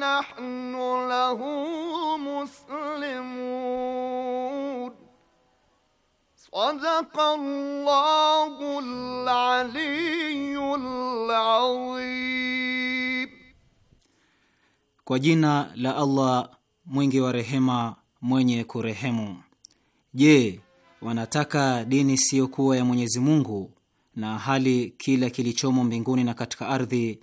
نحن له مسلمون صدق الله العلي العظيم Kwa jina la Allah mwingi wa rehema mwenye kurehemu. Je, wanataka dini siyokuwa ya Mwenyezi Mungu na hali kila kilichomo mbinguni na katika ardhi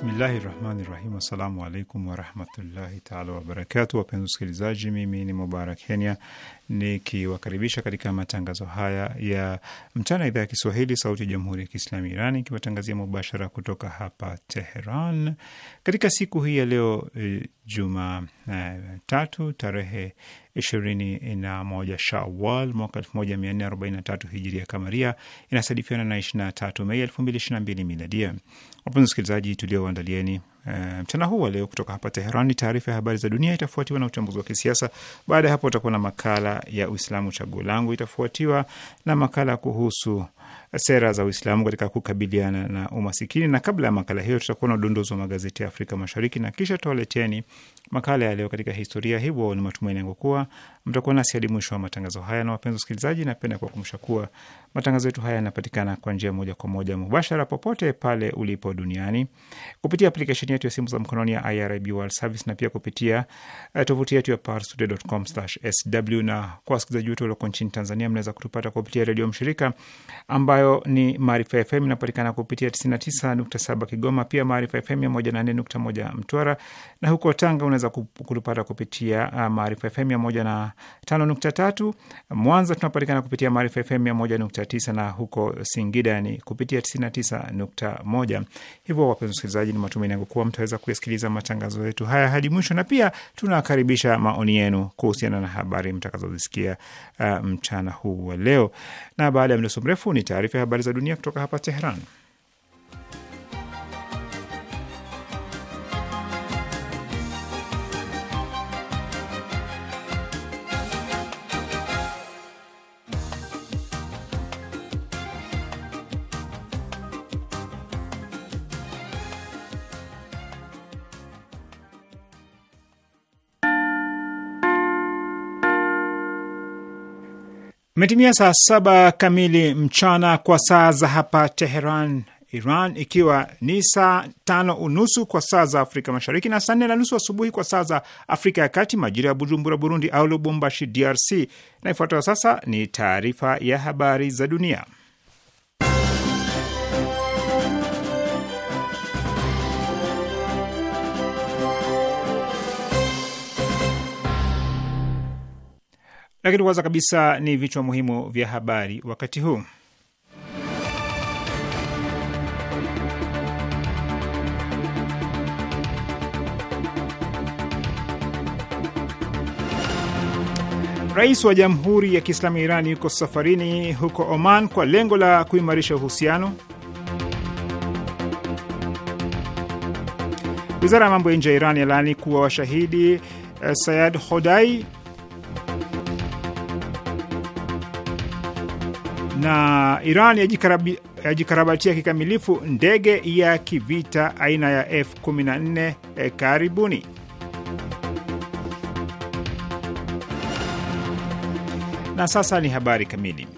Bismillahi rahmani rahim. Assalamu alaikum warahmatullahi taala wabarakatu. Wapenzi wasikilizaji, mimi ni Mubarak Kenya nikiwakaribisha katika matangazo haya ya mchana, idhaa ya Kiswahili sauti ya jamhuri ya Kiislami Iran ikiwatangazia mubashara kutoka hapa Teheran katika siku hii ya leo e, juma e, tatu tarehe ishirini na moja Shawal mwaka elfu moja mia nne arobaini na tatu hijiria kamaria inasadifiana na ishirini na tatu Mei elfu mbili ishirini na mbili miladia. Wapenzi wasikilizaji, tulioandalieni Eh, mchana huu wa leo kutoka hapa Teherani. taarifa ya habari za dunia, itafuatiwa na uchambuzi wa kisiasa. Baada ya hapo, utakuwa na makala ya Uislamu chaguo langu, itafuatiwa na makala kuhusu sera za Uislamu katika kukabiliana na umasikini, na kabla ya makala hiyo tutakuwa na udondozi wa magazeti ya Afrika Mashariki na kisha tutawaleteni makala ya leo katika historia. Hivyo ni matumaini yangu kuwa mtakuwa nasi hadi mwisho wa matangazo haya. Na wapenzi wasikilizaji, napenda kuwakumbusha kuwa matangazo yetu haya yanapatikana kwa njia moja kwa moja mubashara popote pale ulipo duniani kupitia aplikesheni aplikesheni yetu ya simu za mkononi ya IRIB World Service na pia kupitia uh, tovuti yetu ya parstoday.com/sw. Na kwa wasikilizaji wetu walioko nchini Tanzania, mnaweza kutupata kupitia redio mshirika ambayo ni Maarifa FM, inapatikana kupitia 99.7 Kigoma, pia Maarifa FM ya 104.1 Mtwara, na huko Tanga unaweza kutupata kupitia uh, Maarifa FM ya 105.3 Mwanza, tunapatikana kupitia Maarifa FM ya 1.9 na huko Singida ni kupitia 99.1. Hivyo wapenzi wasikilizaji, ni matumaini yangu kuwa mtaweza kuyasikiliza matangazo yetu haya hadi mwisho, na pia tunakaribisha maoni yenu kuhusiana na habari mtakazozisikia uh, mchana huu wa leo. Na baada ya mdoso mrefu ni taarifa ya habari za dunia kutoka hapa Tehran. Imetimia saa saba kamili mchana kwa saa za hapa Teheran, Iran, ikiwa ni saa tano unusu kwa saa za Afrika Mashariki na saa nne na nusu asubuhi kwa saa za Afrika ya Kati, majira ya Bujumbura, Burundi au Lubumbashi, DRC. Na ifuatayo sasa ni taarifa ya habari za dunia. Lakini kwanza kabisa ni vichwa muhimu vya habari wakati huu. Rais wa Jamhuri ya Kiislamu ya Iran yuko safarini huko Oman kwa lengo la kuimarisha uhusiano. Wizara ya mambo ya nje ya Iran yalaani kuwa washahidi eh, Sayad Hodai na Iran yajikarabatia kikamilifu ndege ya kivita aina ya F-14. E, karibuni. Na sasa ni habari kamili.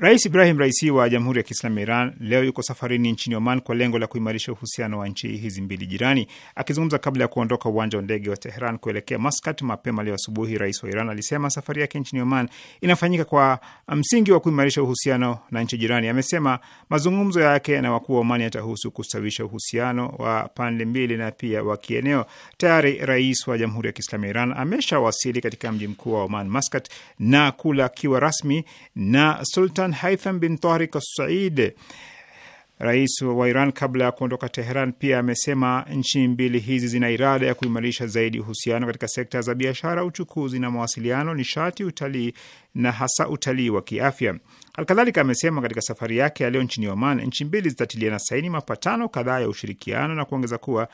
Rais Ibrahim Raisi wa Jamhuri ya Kiislamu ya Iran leo yuko safarini nchini Oman kwa lengo la kuimarisha uhusiano wa nchi hizi mbili jirani. Akizungumza kabla ya kuondoka uwanja wa ndege wa Teheran kuelekea Maskat mapema leo asubuhi, rais wa Iran alisema safari yake nchini Oman inafanyika kwa msingi wa kuimarisha uhusiano na nchi jirani. Amesema mazungumzo yake na wakuu wa Oman yatahusu kustawisha uhusiano wa pande mbili na pia wa kieneo. Tayari rais wa Jamhuri ya Kiislamu ya Iran ameshawasili katika mji mkuu wa Oman, Maskat, na kulakiwa rasmi na Sultan Iran Haitham bin Tahrik Assaid, rais wa Iran kabla ya kuondoka Teheran, pia amesema nchi mbili hizi zina irada ya kuimarisha zaidi uhusiano katika sekta za biashara, uchukuzi na mawasiliano, nishati, utalii na hasa utalii wa kiafya. alkadhalika amesema katika safari yake ya leo nchini Oman, nchi mbili zitatiliana saini mapatano kadhaa ya ushirikiano na kuongeza kuwa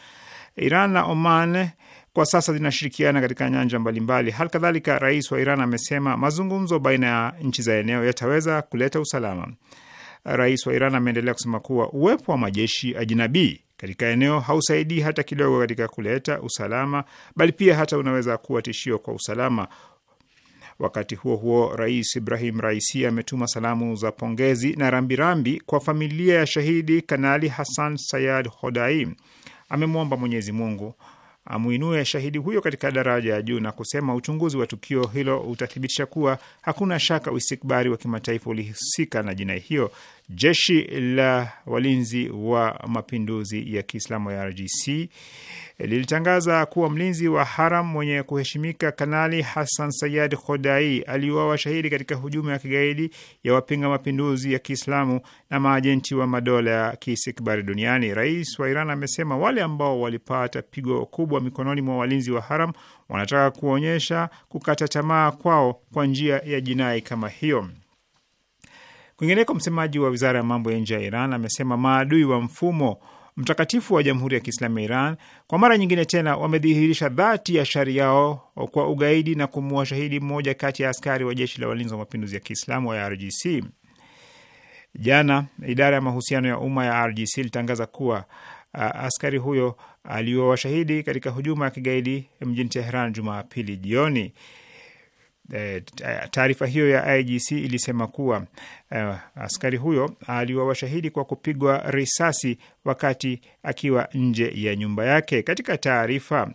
Iran na Oman kwa sasa zinashirikiana katika nyanja mbalimbali. Hali kadhalika, rais wa Iran amesema mazungumzo baina ya nchi za eneo yataweza kuleta usalama. Rais wa Iran ameendelea kusema kuwa uwepo wa majeshi ajinabii katika eneo hausaidii hata kidogo katika kuleta usalama, bali pia hata unaweza kuwa tishio kwa usalama. Wakati huo huo, rais Ibrahim Raisi ametuma salamu za pongezi na rambirambi kwa familia ya shahidi Kanali Hassan Sayad Hodai amemwomba Mwenyezi Mungu amuinue shahidi huyo katika daraja ya juu na kusema uchunguzi wa tukio hilo utathibitisha kuwa hakuna shaka uistikbari wa kimataifa ulihusika na jinai hiyo. Jeshi la walinzi wa mapinduzi ya Kiislamu ya RGC lilitangaza kuwa mlinzi wa haram mwenye kuheshimika Kanali Hassan Sayad Khodai aliuawa shahidi katika hujuma ya kigaidi ya wapinga mapinduzi ya Kiislamu na maajenti wa madola ya kisikbari duniani. Rais wa Iran amesema wale ambao walipata pigo kubwa mikononi mwa walinzi wa haram wanataka kuonyesha kukata tamaa kwao kwa njia ya jinai kama hiyo. Kwingineko, msemaji wa wizara ya mambo ya nje ya Iran amesema maadui wa mfumo mtakatifu wa Jamhuri ya Kiislamu ya Iran kwa mara nyingine tena wamedhihirisha dhati ya shari yao kwa ugaidi na kumua shahidi mmoja kati ya askari wa jeshi la walinzi wa mapinduzi ya Kiislamu wa IRGC. Jana idara ya mahusiano ya umma ya IRGC ilitangaza kuwa uh, askari huyo aliuawa shahidi katika hujuma ya kigaidi mjini teheran Jumapili jioni. Eh, eh, taarifa hiyo ya IGC ilisema kuwa e, askari huyo aliwawashahidi kwa kupigwa risasi wakati akiwa nje ya nyumba yake. Katika taarifa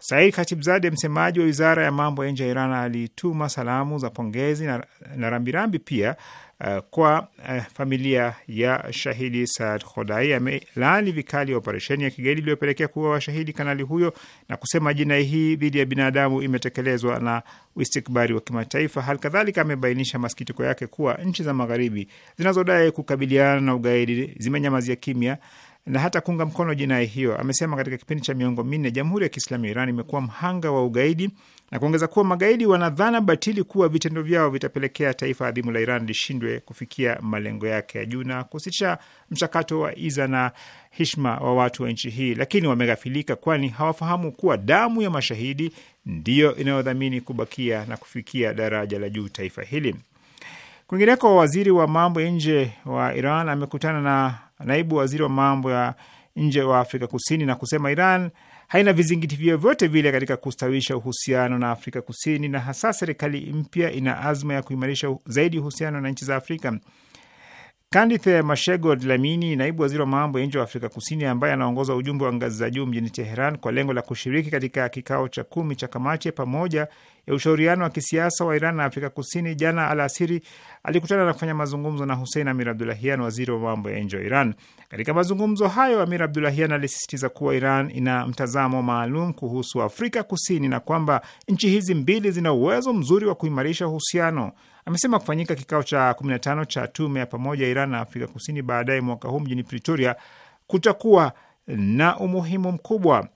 Said Khatibzade, msemaji wa wizara ya mambo ya nje ya Iran, alituma salamu za pongezi na, na rambirambi pia uh, kwa uh, familia ya shahidi Saad Khodai. Amelaani vikali ya operesheni ya kigaidi iliyopelekea kuwa washahidi kanali huyo na kusema jinai hii dhidi ya binadamu imetekelezwa na uistikbari wa kimataifa. Hali kadhalika amebainisha masikitiko yake kuwa nchi za Magharibi zinazodai kukabiliana na ugaidi zimenyamazia kimya na hata kuunga mkono jinai hiyo. Amesema katika kipindi cha miongo minne Jamhuri ya Kiislamu ya Iran imekuwa mhanga wa ugaidi na kuongeza kuwa magaidi wanadhana batili kuwa vitendo vyao vitapelekea taifa adhimu la Iran lishindwe kufikia malengo yake ya juu na kusitisha mchakato wa iza na hishma wa watu wa nchi hii, lakini wameghafilika, kwani hawafahamu kuwa damu ya mashahidi ndiyo inayodhamini kubakia na kufikia daraja la juu taifa hili. Kwingineko, waziri wa mambo ya nje wa Iran amekutana na naibu waziri wa mambo ya nje wa Afrika Kusini na kusema Iran haina vizingiti vyovyote vile katika kustawisha uhusiano na Afrika Kusini, na hasa serikali mpya ina azma ya kuimarisha zaidi uhusiano na nchi za Afrika. Kandithe Mashego Dlamini, naibu waziri wa mambo ya nje wa Afrika Kusini, ambaye anaongoza ujumbe wa ngazi za juu mjini Teheran kwa lengo la kushiriki katika kikao cha kumi cha kamati ya pamoja ya ushauriano wa kisiasa wa Iran na Afrika Kusini, jana alasiri alikutana na kufanya mazungumzo na Hussein Amir Abdulahian, waziri wa mambo ya nje wa Iran. Katika mazungumzo hayo, Amir Abdulahian alisisitiza kuwa Iran ina mtazamo maalum kuhusu Afrika Kusini na kwamba nchi hizi mbili zina uwezo mzuri wa kuimarisha uhusiano amesema kufanyika kikao cha 15 cha tume ya pamoja ya Iran na Afrika Kusini baadaye mwaka huu mjini Pretoria kutakuwa na umuhimu mkubwa.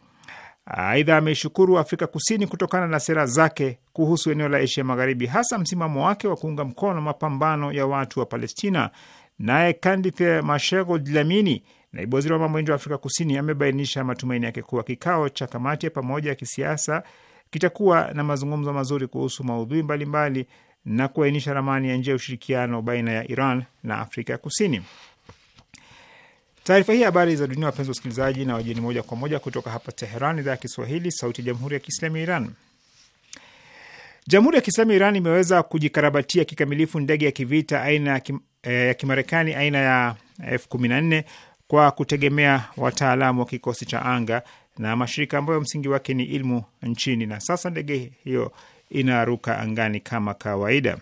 Aidha, ameshukuru Afrika Kusini kutokana na sera zake kuhusu eneo la Asia Magharibi, hasa msimamo wake wa kuunga mkono mapambano ya watu wa Palestina. Naye Candice Mashego Dlamini, naibu waziri wa mambo nje wa Afrika Kusini, amebainisha matumaini yake kuwa kikao cha kamati ya pamoja ya kisiasa kitakuwa na mazungumzo mazuri kuhusu maudhui mbalimbali mbali na kuainisha ramani ya nje ya ushirikiano baina ya Iran na Afrika ya Kusini. Taarifa hii habari za dunia, wapenzi wasikilizaji na wageni, moja kwa moja kutoka hapa Teheran, idhaa ya Kiswahili, sauti ya jamhuri ya kiislamu ya Iran. Jamhuri ya Kiislamu ya Iran imeweza kujikarabatia kikamilifu ndege ya kivita aina ya eh, Kimarekani aina ya F-14 kwa kutegemea wataalamu wa kikosi cha anga na mashirika ambayo msingi wake ni ilmu nchini, na sasa ndege hiyo inaruka angani kama kawaida.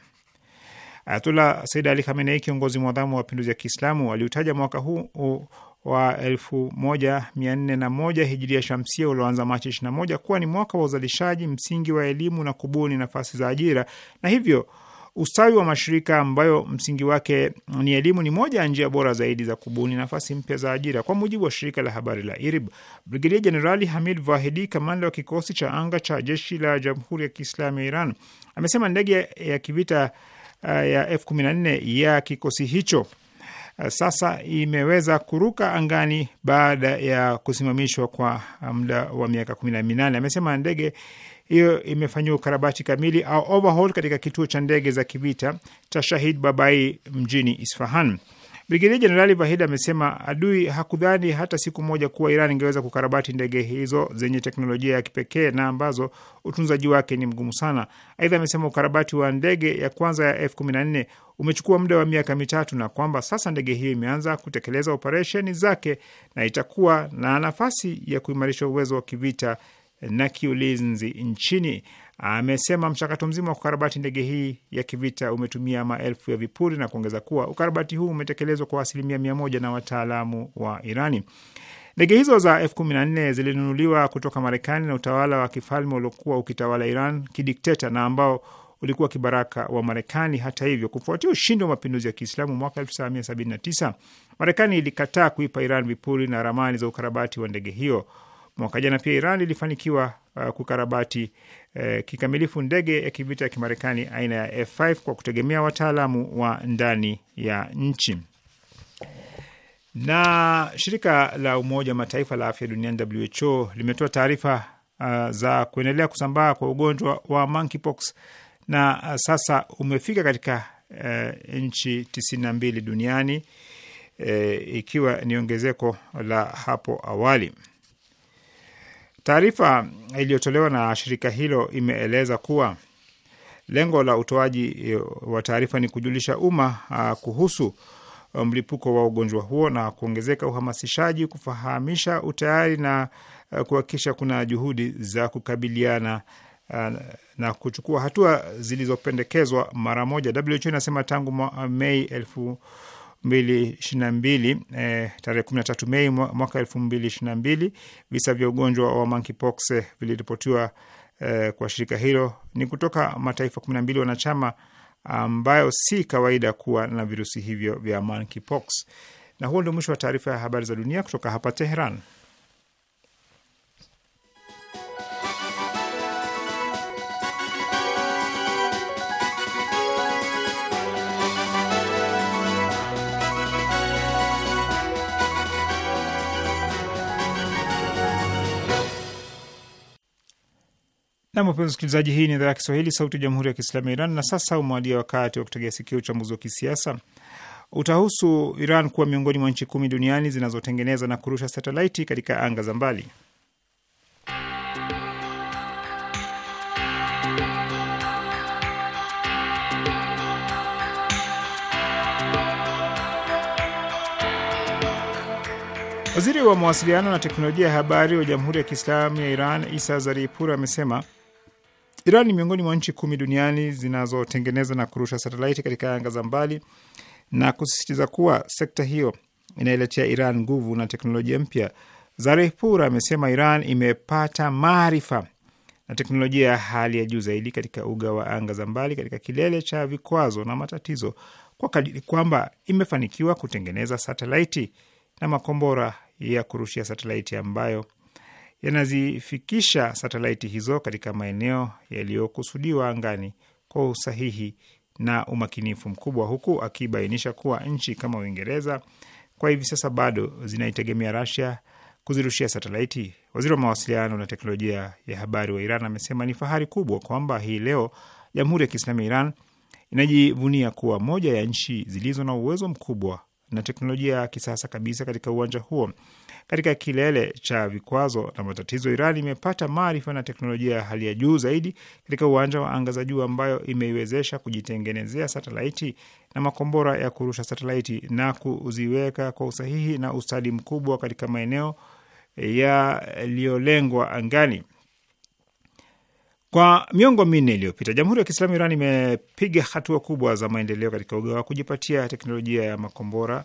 Ayatullah Said Ali Khamenei, kiongozi mwadhamu wa mapinduzi ya Kiislamu, aliutaja mwaka huu wa elfu moja mia nne na moja hijiria shamsia ulioanza Machi 21 kuwa ni mwaka wa uzalishaji msingi wa elimu na kubuni nafasi za ajira na hivyo Ustawi wa mashirika ambayo msingi wake ni elimu ni moja ya njia bora zaidi za kubuni nafasi mpya za ajira. Kwa mujibu wa shirika la habari la IRIB, Brigedia Jenerali Hamid Vahidi, kamanda wa kikosi cha anga cha jeshi la Jamhuri ya Kiislamu ya Iran, amesema ndege ya, kivita uh, ya F14 ya kikosi hicho uh, sasa imeweza kuruka angani baada ya kusimamishwa kwa uh, muda wa miaka kumi na minane. Amesema ndege hiyo imefanyiwa ukarabati kamili au overhaul katika kituo cha ndege za kivita cha Shahid Babai mjini Isfahan. Brigedia Jenerali Vahid amesema adui hakudhani hata siku moja kuwa Iran ingeweza kukarabati ndege hizo zenye teknolojia ya kipekee na ambazo utunzaji wake ni mgumu sana. Aidha amesema ukarabati wa ndege ya kwanza ya F-14 umechukua muda wa miaka mitatu na kwamba sasa ndege hiyo imeanza kutekeleza operesheni zake na itakuwa na nafasi ya kuimarisha uwezo wa kivita na kiulinzi nchini. Amesema mchakato mzima wa kukarabati ndege hii ya kivita umetumia maelfu ya vipuri na kuongeza kuwa ukarabati huu umetekelezwa kwa asilimia mia moja na wataalamu wa Irani. Ndege hizo za F-14 zilinunuliwa kutoka Marekani na utawala wa kifalme uliokuwa ukitawala Iran kidikteta na ambao ulikuwa kibaraka wa Marekani. Hata hivyo, kufuatia ushindi wa mapinduzi ya Kiislamu mwaka 1979, Marekani ilikataa kuipa Iran vipuri na ramani za ukarabati wa ndege hiyo. Mwaka jana pia Iran ilifanikiwa uh, kukarabati uh, kikamilifu ndege ya kivita ya Kimarekani aina ya F5 kwa kutegemea wataalamu wa ndani ya nchi. Na shirika la Umoja wa Mataifa la afya duniani WHO limetoa taarifa uh, za kuendelea kusambaa kwa ugonjwa wa monkeypox na uh, sasa umefika katika uh, nchi tisini na mbili duniani uh, ikiwa ni ongezeko la hapo awali. Taarifa iliyotolewa na shirika hilo imeeleza kuwa lengo la utoaji e, wa taarifa ni kujulisha umma kuhusu e, mlipuko wa ugonjwa huo na kuongezeka uhamasishaji, kufahamisha utayari na e, kuhakikisha kuna juhudi za kukabiliana na kuchukua hatua zilizopendekezwa mara moja. WHO inasema tangu Mei elfu mbili ishirini na mbili eh, tarehe kumi na tatu Mei mwaka elfu mbili ishirini na mbili visa vya ugonjwa wa monkeypox eh, viliripotiwa eh, kwa shirika hilo ni kutoka mataifa kumi na mbili wanachama ambayo si kawaida kuwa na virusi hivyo vya monkeypox. Na huo ndio mwisho wa taarifa ya habari za dunia kutoka hapa Teheran. Na wapenzi wasikilizaji, hii ni idhaa ya Kiswahili sauti ya jamhuri ya kiislamu ya Iran. Na sasa umewadia wakati wa kutegea sikio uchambuzi wa kisiasa. Utahusu Iran kuwa miongoni mwa nchi kumi duniani zinazotengeneza na kurusha satelaiti katika anga za mbali. Waziri wa mawasiliano na teknolojia ya habari wa Jamhuri ya Kiislamu ya Iran Isa Zaripur amesema Iran ni miongoni mwa nchi kumi duniani zinazotengeneza na kurusha satelaiti katika anga za mbali na kusisitiza kuwa sekta hiyo inailetea Iran nguvu na teknolojia mpya. Zarehpur amesema Iran imepata maarifa na teknolojia ya hali ya juu zaidi katika uga wa anga za mbali katika kilele cha vikwazo na matatizo, kwa kadiri kwamba imefanikiwa kutengeneza satelaiti na makombora ya kurushia satelaiti ambayo yanazifikisha satelaiti hizo katika maeneo yaliyokusudiwa angani kwa usahihi na umakinifu mkubwa, huku akibainisha kuwa nchi kama Uingereza kwa hivi sasa bado zinaitegemea Rasia kuzirushia satelaiti. Waziri wa mawasiliano na teknolojia ya habari wa Iran amesema ni fahari kubwa kwamba hii leo Jamhuri ya Kiislamu ya Iran inajivunia kuwa moja ya nchi zilizo na uwezo mkubwa na teknolojia ya kisasa kabisa katika uwanja huo. Katika kilele cha vikwazo na matatizo, Iran imepata maarifa na teknolojia ya hali ya juu zaidi katika uwanja wa anga za juu, ambayo imeiwezesha kujitengenezea satelaiti na makombora ya kurusha satelaiti na kuziweka kwa usahihi na ustadi mkubwa katika maeneo yaliyolengwa angani. Kwa miongo minne iliyopita, Jamhuri ya Kiislamu Iran imepiga hatua kubwa za maendeleo katika uga wa kujipatia teknolojia ya makombora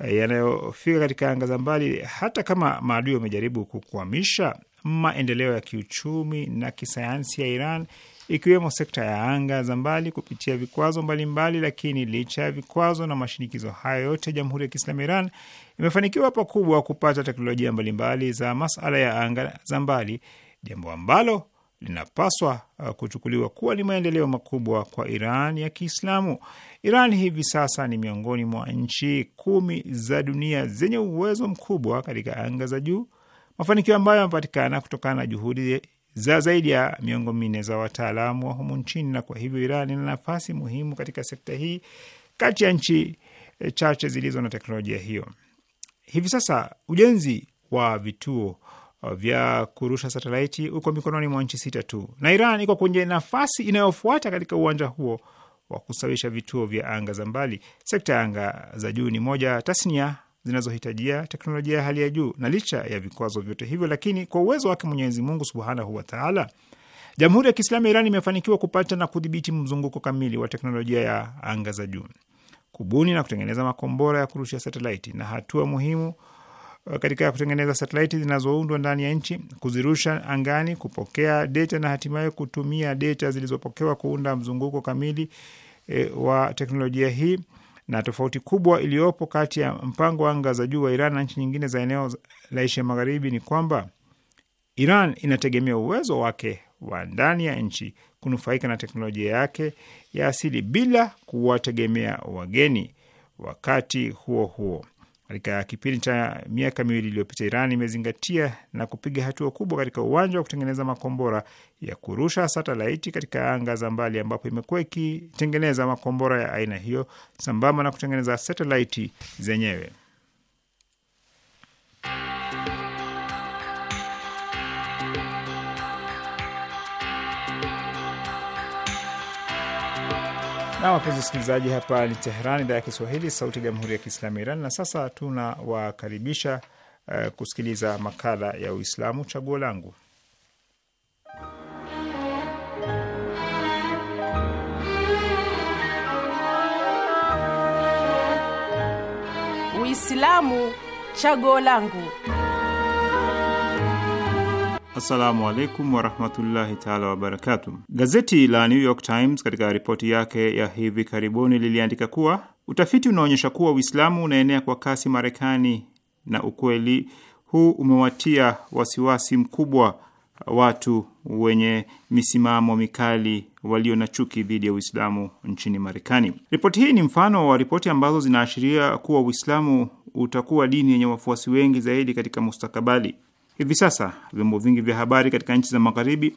Eh, yanayofika katika anga za mbali, hata kama maadui wamejaribu kukwamisha maendeleo ya kiuchumi na kisayansi ya Iran, ikiwemo sekta ya anga za mbali kupitia vikwazo mbalimbali mbali. Lakini licha ya vikwazo na mashinikizo hayo yote, Jamhuri ya Kiislamu ya Iran imefanikiwa pakubwa kupata teknolojia mbalimbali za masala ya anga za mbali, jambo ambalo linapaswa uh, kuchukuliwa kuwa ni maendeleo makubwa kwa Iran ya Kiislamu. Iran hivi sasa ni miongoni mwa nchi kumi za dunia zenye uwezo mkubwa katika anga za juu, mafanikio ambayo yamepatikana kutokana na juhudi za zaidi ya miongo minne za wataalamu wa humu nchini, na kwa hivyo Iran ina nafasi muhimu katika sekta hii kati ya nchi eh, chache zilizo na teknolojia hiyo. Hivi sasa ujenzi wa vituo vya kurusha satelaiti uko mikononi mwa nchi sita tu, na Iran iko kwenye nafasi inayofuata katika uwanja huo wa kusawisha vituo vya anga za mbali. Sekta ya anga za juu ni moja tasnia zinazohitajia teknolojia ya hali ya juu, na licha ya vikwazo vyote hivyo, lakini kwa uwezo wake Mwenyezi Mungu subhanahu wataala, Jamhuri ya Kiislamu ya Iran imefanikiwa kupata na kudhibiti mzunguko kamili wa teknolojia ya anga za juu, kubuni na kutengeneza makombora ya kurusha satelaiti na hatua muhimu Uh, katika kutengeneza satelaiti zinazoundwa ndani ya nchi, kuzirusha angani, kupokea data na hatimaye kutumia data zilizopokewa kuunda mzunguko kamili e, wa teknolojia hii. Na tofauti kubwa iliyopo kati ya mpango wa anga za juu wa Iran na nchi nyingine za eneo la Asia Magharibi ni kwamba Iran inategemea uwezo wake wa ndani ya nchi kunufaika na teknolojia yake ya asili bila kuwategemea wageni. Wakati huo huo katika kipindi cha miaka miwili iliyopita, Iran imezingatia na kupiga hatua kubwa katika uwanja wa kutengeneza makombora ya kurusha satelaiti katika anga za mbali, ambapo imekuwa ikitengeneza makombora ya aina hiyo sambamba na kutengeneza satelaiti zenyewe. Na wapenzi wasikilizaji, hapa ni Teheran, idhaa ya Kiswahili, sauti ya jamhuri ya kiislamu ya Iran. Na sasa tunawakaribisha uh, eh, kusikiliza makala ya Uislamu chaguo langu. Uislamu chaguo langu. Assalamu alaikum warahmatullahi taala wabarakatu. Gazeti la New York Times katika ripoti yake ya hivi karibuni liliandika kuwa utafiti unaonyesha kuwa Uislamu unaenea kwa kasi Marekani, na ukweli huu umewatia wasiwasi mkubwa watu wenye misimamo mikali walio na chuki dhidi ya Uislamu nchini Marekani. Ripoti hii ni mfano wa ripoti ambazo zinaashiria kuwa Uislamu utakuwa dini yenye wafuasi wengi zaidi katika mustakabali. Hivi sasa vyombo vingi vya habari katika nchi za Magharibi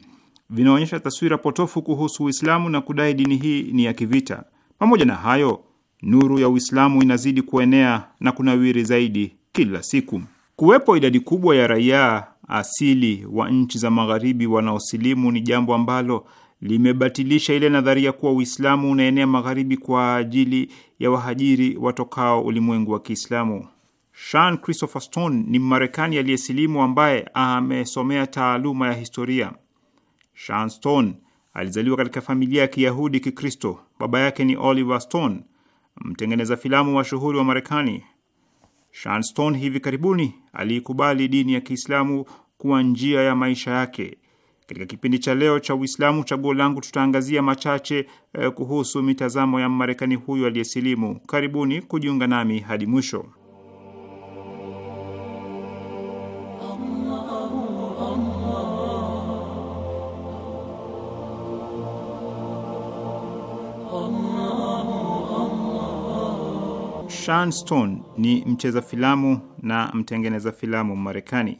vinaonyesha taswira potofu kuhusu Uislamu na kudai dini hii ni ya kivita. Pamoja na hayo, nuru ya Uislamu inazidi kuenea na kunawiri zaidi kila siku. Kuwepo idadi kubwa ya raia asili wa nchi za Magharibi wanaosilimu ni jambo ambalo limebatilisha ile nadharia kuwa Uislamu unaenea Magharibi kwa ajili ya wahajiri watokao ulimwengu wa Kiislamu. Sean Christopher Stone ni Mmarekani aliyesilimu ambaye amesomea taaluma ya historia. Sean Stone alizaliwa katika familia ya Kiyahudi Kikristo. Baba yake ni Oliver Stone, mtengeneza filamu mashuhuri wa, wa Marekani. Sean Stone hivi karibuni aliikubali dini ya Kiislamu kuwa njia ya maisha yake. Katika kipindi cha leo cha Uislamu Chaguo Langu, tutaangazia machache eh, kuhusu mitazamo ya Mmarekani huyu aliyesilimu. Karibuni kujiunga nami hadi mwisho. Sean Stone ni mcheza filamu na mtengeneza filamu Marekani.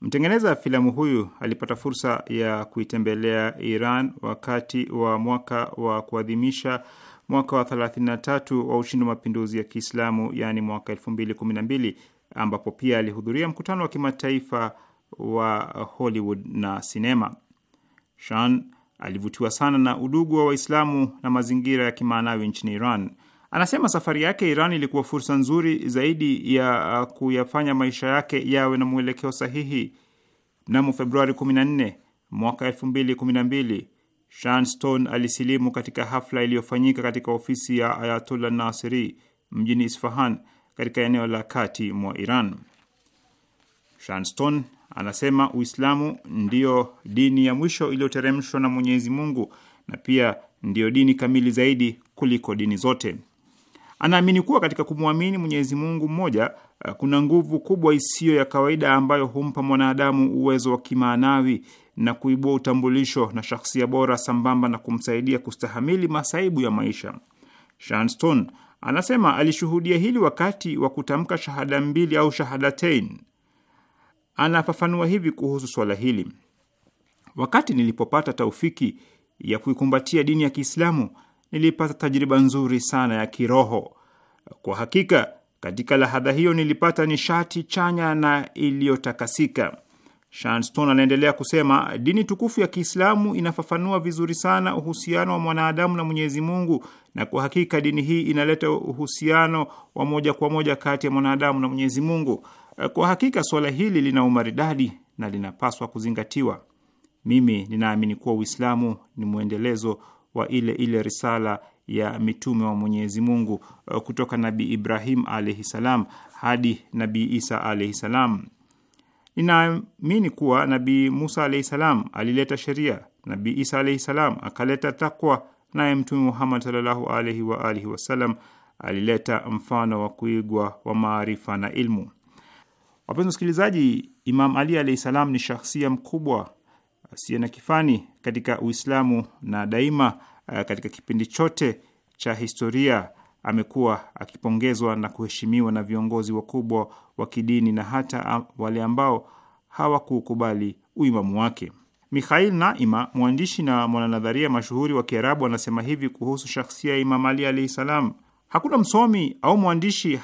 Mtengeneza filamu huyu alipata fursa ya kuitembelea Iran wakati wa mwaka wa kuadhimisha mwaka wa 33 wa ushindi wa mapinduzi ya Kiislamu, yaani mwaka 2012 ambapo pia alihudhuria mkutano wa kimataifa wa Hollywood na sinema. Shan alivutiwa sana na udugu wa Waislamu na mazingira ya kimaanawi nchini Iran. Anasema safari yake Iran ilikuwa fursa nzuri zaidi ya uh, kuyafanya maisha yake yawe na mwelekeo sahihi. Mnamo Februari 14 mwaka 2012 alisilimu katika hafla iliyofanyika katika ofisi ya Ayatollah Nasiri mjini Isfahan katika eneo la kati mwa Iran. Shanstone anasema Uislamu ndiyo dini ya mwisho iliyoteremshwa na Mwenyezi Mungu na pia ndiyo dini kamili zaidi kuliko dini zote. Anaamini kuwa katika kumwamini Mwenyezi Mungu mmoja eh, kuna nguvu kubwa isiyo ya kawaida ambayo humpa mwanadamu uwezo wa kimaanawi na kuibua utambulisho na shahsia bora sambamba na kumsaidia kustahamili masaibu ya maisha. shanston anasema alishuhudia hili wakati wa kutamka shahada mbili au shahadatein. Anafafanua hivi kuhusu swala hili: wakati nilipopata taufiki ya kuikumbatia dini ya Kiislamu nilipata tajriba nzuri sana ya kiroho. Kwa hakika katika lahadha hiyo nilipata nishati chanya na iliyotakasika. Shanston anaendelea kusema, dini tukufu ya Kiislamu inafafanua vizuri sana uhusiano wa mwanadamu na Mwenyezi Mungu, na kwa hakika dini hii inaleta uhusiano wa moja kwa moja kati ya mwanadamu na Mwenyezi Mungu. Kwa hakika suala hili lina umaridadi na linapaswa kuzingatiwa. Mimi ninaamini kuwa Uislamu ni mwendelezo wa ile ile risala ya mitume wa Mwenyezi Mungu uh, kutoka Nabii Ibrahim alaihi salam hadi Nabii Isa alaihi salam. Ninaamini kuwa Nabii Musa alaihi salam alileta sheria, Nabii Isa alaihi salam akaleta takwa, naye Mtume Muhammad sallallahu alaihi wa alihi wasallam alileta mfano wa kuigwa wa maarifa na ilmu. Wapenzi wasikilizaji, Imam Ali alaihi salam ni shahsia mkubwa asiye na kifani katika Uislamu na daima eh, katika kipindi chote cha historia amekuwa akipongezwa na kuheshimiwa na viongozi wakubwa wa kidini na hata wale ambao hawakukubali uimamu wake. Mikhail Naima, mwandishi na mwananadharia mashuhuri wa Kiarabu, anasema hivi kuhusu shakhsia ya Imam Ali alaihi salam: hakuna msomi au mwandishi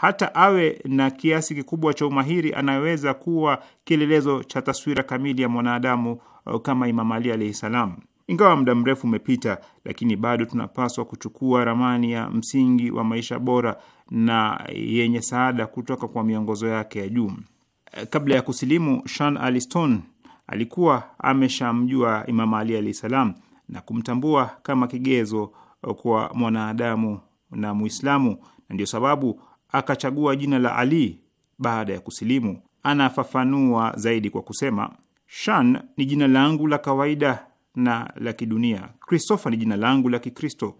hata awe na kiasi kikubwa cha umahiri, anaweza kuwa kielelezo cha taswira kamili ya mwanadamu uh, kama Imam Ali alaihi salam. Ingawa muda mrefu umepita, lakini bado tunapaswa kuchukua ramani ya msingi wa maisha bora na yenye saada kutoka kwa miongozo yake ya juu. Uh, kabla ya kusilimu, Shan Aliston alikuwa ameshamjua Imam Ali alaihi salam na kumtambua kama kigezo uh, kwa mwanadamu na Muislamu, na ndiyo sababu akachagua jina la Ali baada ya kusilimu. Anafafanua zaidi kwa kusema, Shan ni jina langu la kawaida na la kidunia. Christopher ni jina langu la Kikristo.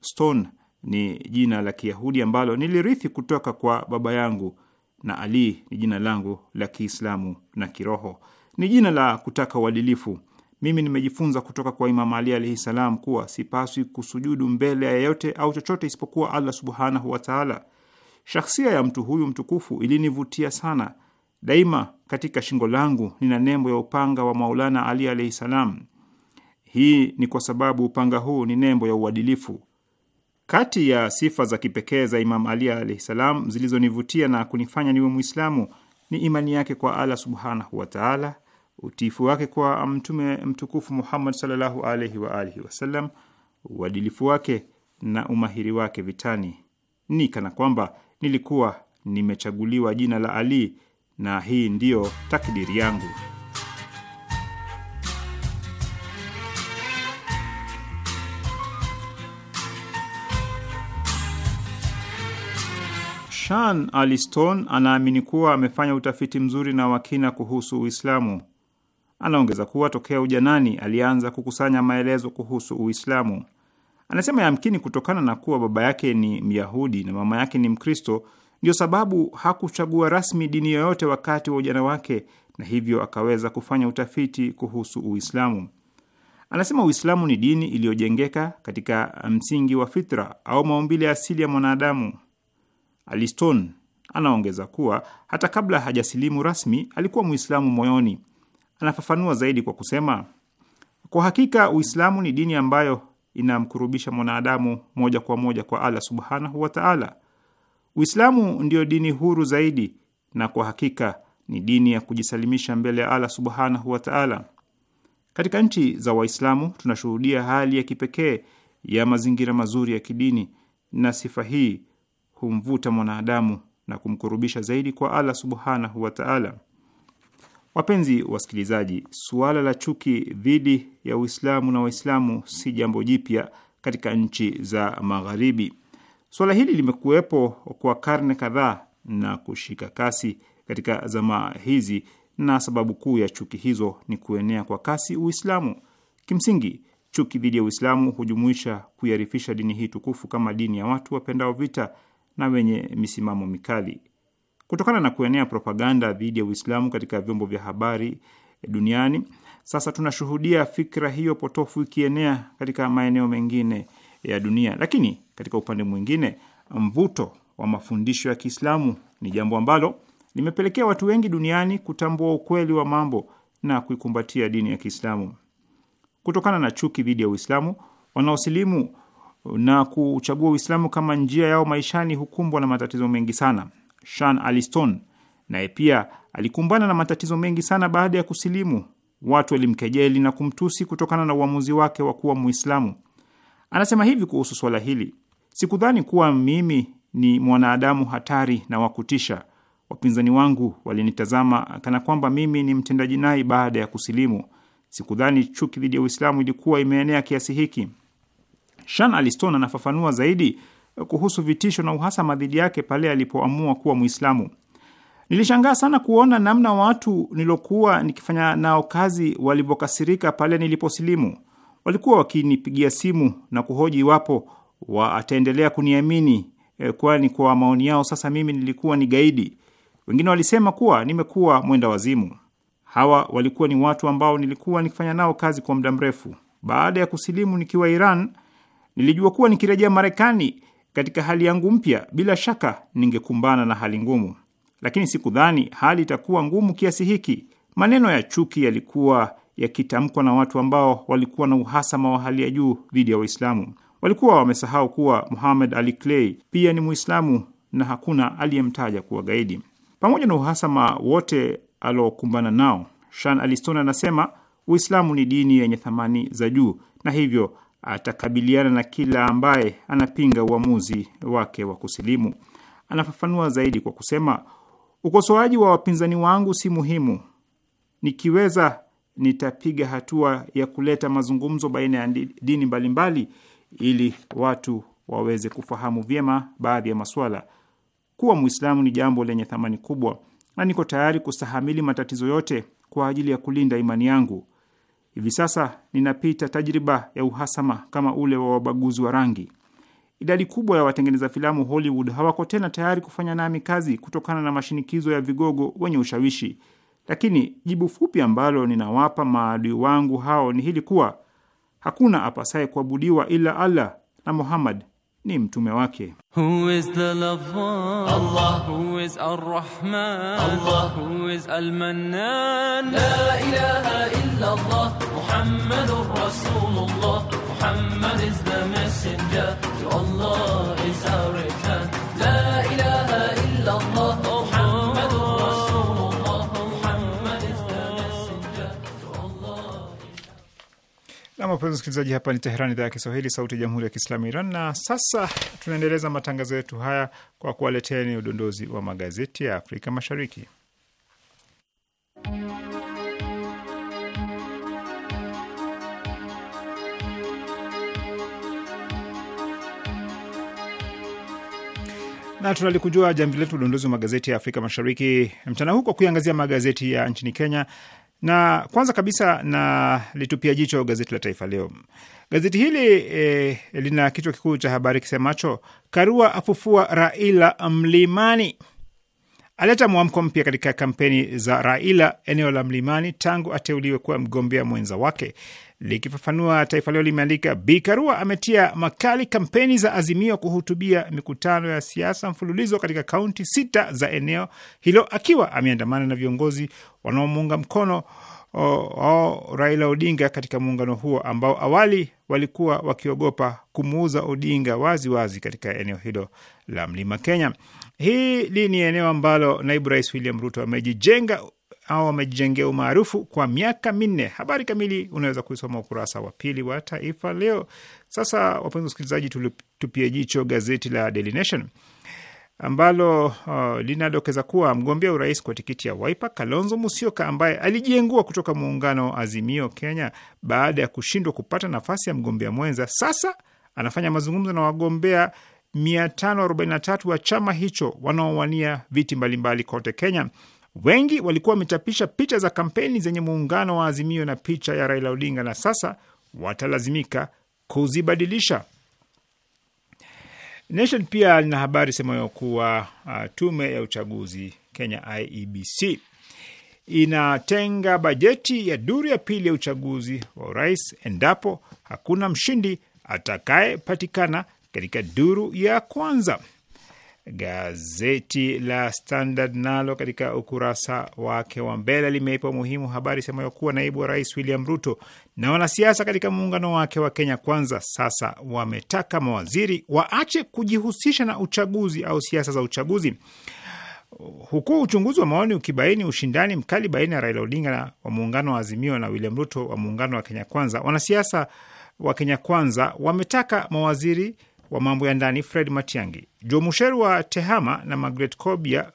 Stone ni jina la Kiyahudi ambalo nilirithi kutoka kwa baba yangu, na Ali ni jina langu la Kiislamu na kiroho, ni jina la kutaka uadilifu. Mimi nimejifunza kutoka kwa Imam Ali alaihi salam kuwa sipaswi kusujudu mbele ya yeyote au chochote isipokuwa Allah subhanahu wataala. Shahsia ya mtu huyu mtukufu ilinivutia sana. Daima katika shingo langu nina nembo ya upanga wa Maulana Ali alaihi salam. Hii ni kwa sababu upanga huu ni nembo ya uadilifu. Kati ya sifa za kipekee za Imam Ali alaihi salam zilizonivutia na kunifanya niwe Mwislamu ni imani yake kwa Allah subhanahu wataala, utiifu wake kwa Mtume mtukufu Muhammad sallallahu alaihi wa alihi wasallam, uadilifu wake na umahiri wake vitani. Ni kana kwamba nilikuwa nimechaguliwa jina la Ali na hii ndiyo takdiri yangu. Shan aliston anaamini kuwa amefanya utafiti mzuri na wakina kuhusu Uislamu. Anaongeza kuwa tokea ujanani alianza kukusanya maelezo kuhusu Uislamu. Anasema yamkini kutokana na kuwa baba yake ni Myahudi na mama yake ni Mkristo, ndio sababu hakuchagua rasmi dini yoyote wakati wa ujana wake, na hivyo akaweza kufanya utafiti kuhusu Uislamu. Anasema Uislamu ni dini iliyojengeka katika msingi wa fitra au maumbile asili ya mwanadamu. Aliston anaongeza kuwa hata kabla hajasilimu rasmi alikuwa Muislamu moyoni. Anafafanua zaidi kwa kusema, kwa hakika Uislamu ni dini ambayo inamkurubisha mwanadamu moja kwa moja kwa Allah subhanahu wa taala. Uislamu ndio dini huru zaidi na kwa hakika ni dini ya kujisalimisha mbele ya Allah subhanahu wa taala. Katika nchi za Waislamu tunashuhudia hali ya kipekee ya mazingira mazuri ya kidini, na sifa hii humvuta mwanadamu na kumkurubisha zaidi kwa Allah subhanahu wa taala. Wapenzi wasikilizaji, suala la chuki dhidi ya Uislamu na Waislamu si jambo jipya katika nchi za Magharibi. Suala hili limekuwepo kwa karne kadhaa na kushika kasi katika zama hizi, na sababu kuu ya chuki hizo ni kuenea kwa kasi Uislamu. Kimsingi, chuki dhidi ya Uislamu hujumuisha kuiarifisha dini hii tukufu kama dini ya watu wapendao vita na wenye misimamo mikali. Kutokana na kuenea propaganda dhidi ya Uislamu katika vyombo vya habari duniani, sasa tunashuhudia fikra hiyo potofu ikienea katika maeneo mengine ya dunia. Lakini katika upande mwingine, mvuto wa mafundisho ya Kiislamu ni jambo ambalo limepelekea watu wengi duniani kutambua ukweli wa mambo na kuikumbatia dini ya Kiislamu. Kutokana na chuki dhidi ya Uislamu, wanaosilimu na kuchagua Uislamu kama njia yao maishani hukumbwa na matatizo mengi sana. Sean Aliston naye pia alikumbana na matatizo mengi sana baada ya kusilimu. Watu walimkejeli na kumtusi kutokana na uamuzi wake wa kuwa Muislamu. Anasema hivi kuhusu swala hili: sikudhani kuwa mimi ni mwanadamu hatari na wa kutisha. Wapinzani wangu walinitazama kana kwamba mimi ni mtendaji nai baada ya kusilimu. Sikudhani chuki dhidi ya Uislamu ilikuwa imeenea kiasi hiki. Shan Aliston anafafanua zaidi kuhusu vitisho na uhasama dhidi yake pale alipoamua kuwa Mwislamu. Nilishangaa sana kuona namna watu nilokuwa nikifanya nao kazi walivyokasirika pale niliposilimu. Walikuwa wakinipigia simu na kuhoji iwapo wataendelea kuniamini, eh, kwani kwa maoni yao sasa mimi nilikuwa ni gaidi. Wengine walisema kuwa nimekuwa mwenda wazimu. Hawa walikuwa ni watu ambao nilikuwa nikifanya nao kazi kwa muda mrefu. Baada ya kusilimu nikiwa Iran, nilijua kuwa nikirejea Marekani katika hali yangu mpya, bila shaka ningekumbana na hali ngumu, lakini sikudhani hali itakuwa ngumu kiasi hiki. Maneno ya chuki yalikuwa yakitamkwa na watu ambao walikuwa na uhasama wa hali ya juu dhidi ya Waislamu. Walikuwa wamesahau kuwa Muhammad Ali Clay pia ni Muislamu na hakuna aliyemtaja kuwa gaidi. Pamoja na uhasama wote aliokumbana nao, Shan Alistone anasema Uislamu ni dini yenye thamani za juu na hivyo atakabiliana na kila ambaye anapinga uamuzi wake wa kusilimu. Anafafanua zaidi kwa kusema, ukosoaji wa wapinzani wangu si muhimu. Nikiweza nitapiga hatua ya kuleta mazungumzo baina ya dini mbalimbali ili watu waweze kufahamu vyema baadhi ya masuala. Kuwa Mwislamu ni jambo lenye thamani kubwa, na niko tayari kustahamili matatizo yote kwa ajili ya kulinda imani yangu. Hivi sasa ninapita tajriba ya uhasama kama ule wa wabaguzi wa rangi. Idadi kubwa ya watengeneza filamu Hollywood hawako tena tayari kufanya nami kazi kutokana na mashinikizo ya vigogo wenye ushawishi. Lakini jibu fupi ambalo ninawapa maadui wangu hao ni hili kuwa hakuna apasaye kuabudiwa ila Allah na Muhammad ni mtume wake. Who is the Wapenzi wasikilizaji, hapa ni Teherani, idhaa ya Kiswahili, sauti ya jamhuri ya kiislamu Iran. Na sasa tunaendeleza matangazo yetu haya kwa ni udondozi wa magazeti ya Afrika Mashariki. na tunalikujua jamvi letu udondozi wa magazeti ya Afrika Mashariki mchana huu kwa kuiangazia magazeti ya nchini Kenya na kwanza kabisa na litupia jicho gazeti la Taifa Leo. Gazeti hili e, lina kichwa kikuu cha habari kisemacho Karua afufua Raila mlimani, aleta mwamko mpya katika kampeni za Raila eneo la mlimani tangu ateuliwe kuwa mgombea mwenza wake. Likifafanua, Taifa Leo limeandika Bi Karua ametia makali kampeni za Azimio kuhutubia mikutano ya siasa mfululizo katika kaunti sita za eneo hilo, akiwa ameandamana na viongozi wanaomuunga mkono o, o, Raila Odinga katika muungano huo ambao awali walikuwa wakiogopa kumuuza Odinga waziwazi wazi katika eneo hilo la Mlima Kenya. Hili ni eneo ambalo naibu rais William Ruto amejijenga au wamejijengea umaarufu kwa miaka minne. Habari kamili unaweza kuisoma ukurasa wa pili wa Taifa Leo. Sasa wapenzi wasikilizaji, tupie jicho gazeti la Daily Nation ambalo uh, linadokeza kuwa mgombea urais kwa tikiti ya Wiper Kalonzo Musyoka ambaye alijiengua kutoka muungano wa Azimio Kenya baada ya kushindwa kupata nafasi ya mgombea mwenza, sasa anafanya mazungumzo na wagombea 543 wa chama hicho wanaowania viti mbalimbali kote Kenya Wengi walikuwa wamechapisha picha za kampeni zenye muungano wa Azimio na picha ya Raila Odinga, na sasa watalazimika kuzibadilisha. Nation pia lina habari semayo kuwa uh, tume ya uchaguzi Kenya IEBC inatenga bajeti ya duru ya pili ya uchaguzi wa urais endapo hakuna mshindi atakayepatikana katika duru ya kwanza. Gazeti la Standard nalo katika ukurasa wake wa mbele limeipa umuhimu habari semayo kuwa naibu wa rais William Ruto na wanasiasa katika muungano wake wa Kenya Kwanza sasa wametaka mawaziri waache kujihusisha na uchaguzi au siasa za uchaguzi, huku uchunguzi wa maoni ukibaini ushindani mkali baina ya Raila Odinga wa muungano wa Azimio na William Ruto wa muungano wa Kenya Kwanza. Wanasiasa wa Kenya Kwanza wametaka mawaziri wa mambo ya ndani Fred Matiangi, Jo Musheru wa TEHAMA na Magret Kobia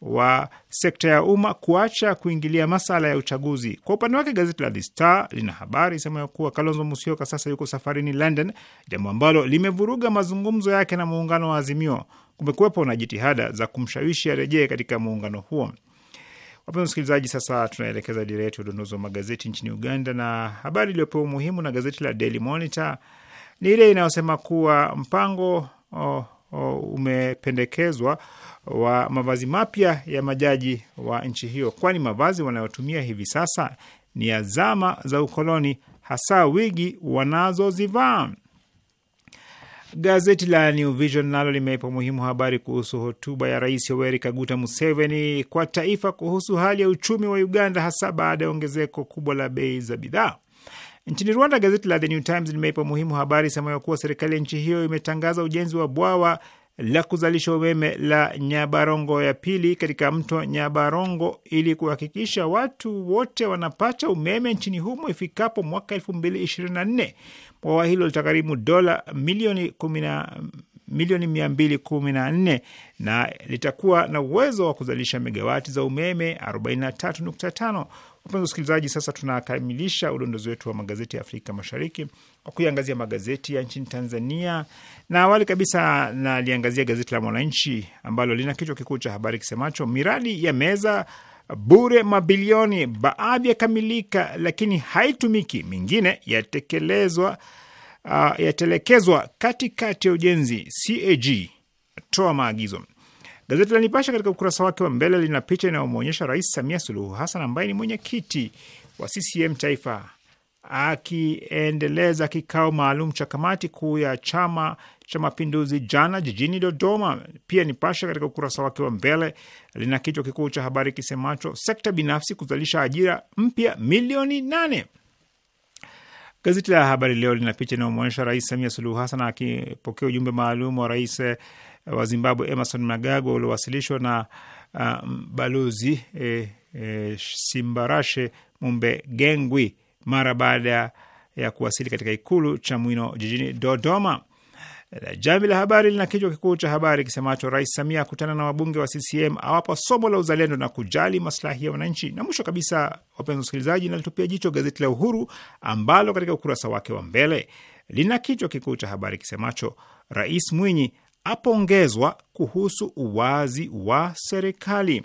wa sekta ya umma kuacha kuingilia masala ya uchaguzi. Kwa upande wake gazeti la The Star lina habari isemayo kuwa Kalonzo Musyoka sasa yuko safarini London, jambo ambalo limevuruga mazungumzo yake na muungano wa Azimio. Kumekuwepo na jitihada za kumshawishi arejee katika muungano huo. Wapenzi wasikilizaji, sasa tunaelekeza dira yetu ya udondozi wa magazeti nchini Uganda, na habari iliyopewa umuhimu na gazeti la Daily Monitor ni ile inayosema kuwa mpango oh, oh, umependekezwa wa mavazi mapya ya majaji wa nchi hiyo, kwani mavazi wanayotumia hivi sasa ni ya zama za ukoloni, hasa wigi wanazozivaa. Gazeti la New Vision nalo limeipa umuhimu habari kuhusu hotuba ya Rais Yoweri Kaguta Museveni kwa taifa kuhusu hali ya uchumi wa Uganda, hasa baada ya ongezeko kubwa la bei za bidhaa nchini Rwanda. Gazeti la The New Times limeipa umuhimu habari semayo kuwa serikali ya nchi hiyo imetangaza ujenzi wa bwawa la kuzalisha umeme la Nyabarongo ya pili katika mto Nyabarongo ili kuhakikisha watu wote wanapata umeme nchini humo ifikapo mwaka elfu mbili ishirini na nne. Bwawa hilo litagharimu dola milioni kumi na milioni 214 na litakuwa na uwezo wa kuzalisha megawati za umeme 43.5. Wapenzi wasikilizaji, sasa tunakamilisha udondozi wetu wa magazeti ya Afrika Mashariki kwa kuiangazia magazeti ya nchini Tanzania, na awali kabisa naliangazia gazeti la Mwananchi ambalo lina kichwa kikuu cha habari kisemacho miradi ya meza bure mabilioni, baadhi yakamilika lakini haitumiki, mingine yatekelezwa uh, yatelekezwa katikati ya ujenzi. CAG toa maagizo. Gazeti la Nipasha katika ukurasa wake wa mbele lina picha inayomwonyesha Rais Samia Suluhu Hassan ambaye ni mwenyekiti wa CCM taifa akiendeleza kikao maalum cha kamati kuu ya Chama cha Mapinduzi jana jijini Dodoma. Pia Nipasha katika ukurasa wake wa mbele lina kichwa kikuu cha habari kisemacho sekta binafsi kuzalisha ajira mpya milioni nane. Gazeti la Habari Leo lina picha inayomwonyesha Rais Samia Suluhu Hassan akipokea ujumbe maalum wa rais eh, wa Zimbabwe Emerson Mnangagwa uliowasilishwa na uh, balozi eh, eh, Simbarashe Mumbegengwi mara baada ya kuwasili katika ikulu cha mwino jijini Dodoma. Jamvi la Habari lina kichwa kikuu cha habari kisemacho Rais Samia akutana na wabunge wa CCM awapa somo la uzalendo na kujali maslahi ya wananchi. Na mwisho kabisa, wapenzi wasikilizaji, nalitupia jicho gazeti la Uhuru ambalo katika ukurasa wake wa mbele lina kichwa kikuu cha habari kisemacho Rais Mwinyi apongezwa kuhusu uwazi wa serikali.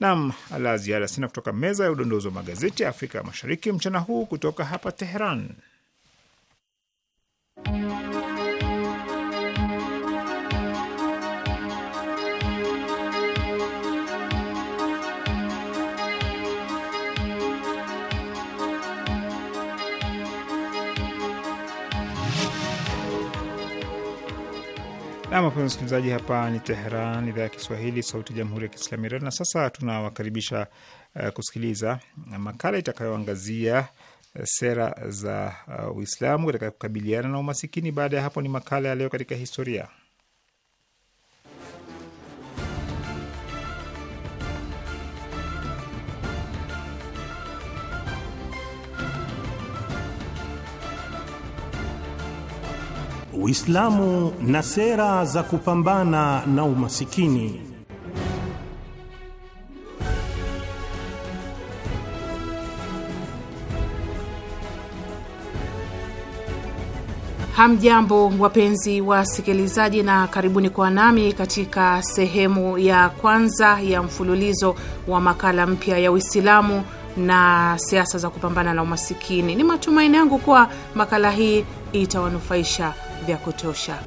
Nam la ziada sina kutoka meza ya udondozi wa magazeti ya Afrika Mashariki mchana huu kutoka hapa Teheran. Nam, wapenzi msikilizaji, hapa ni Teheran, idhaa ya Kiswahili, sauti ya jamhuri ya kiislamu Iran. Na sasa tunawakaribisha uh, kusikiliza makala itakayoangazia eh, sera za eh, Uislamu uh, katika kukabiliana na umasikini. Baada ya hapo ni makala ya leo katika historia Uislamu na sera za kupambana na umasikini. Hamjambo, wapenzi wasikilizaji, na karibuni kwa nami katika sehemu ya kwanza ya mfululizo wa makala mpya ya Uislamu na siasa za kupambana na umasikini. Ni matumaini yangu kuwa makala hii itawanufaisha vya kutosha.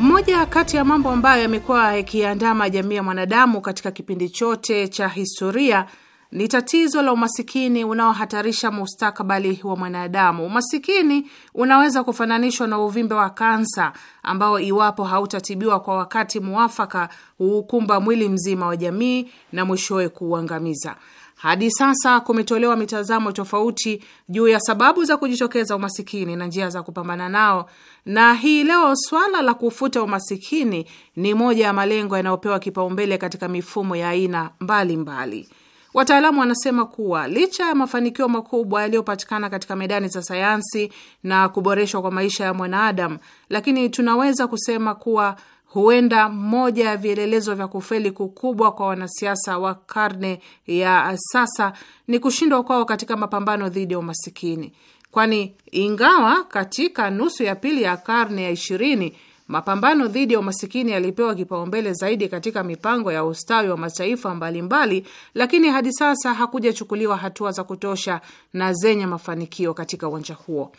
Moja kati ya mambo ambayo yamekuwa yakiandama jamii ya mwanadamu katika kipindi chote cha historia ni tatizo la umasikini unaohatarisha mustakabali wa mwanadamu. Umasikini unaweza kufananishwa na uvimbe wa kansa ambao, iwapo hautatibiwa kwa wakati muafaka, huukumba mwili mzima wa jamii na mwishowe kuuangamiza. Hadi sasa kumetolewa mitazamo tofauti juu ya sababu za kujitokeza umasikini na njia za kupambana nao, na hii leo swala la kufuta umasikini ni moja ya malengo yanayopewa kipaumbele katika mifumo ya aina mbalimbali mbali. Wataalamu wanasema kuwa licha ya mafanikio makubwa yaliyopatikana katika medani za sayansi na kuboreshwa kwa maisha ya mwanadamu, lakini tunaweza kusema kuwa huenda moja ya vielelezo vya kufeli kukubwa kwa wanasiasa wa karne ya sasa ni kushindwa kwao katika mapambano dhidi ya umasikini, kwani ingawa katika nusu ya pili ya karne ya ishirini Mapambano dhidi ya umasikini yalipewa kipaumbele zaidi katika mipango ya ustawi wa mataifa mbalimbali, lakini hadi sasa hakujachukuliwa hatua za kutosha na zenye mafanikio katika uwanja huo.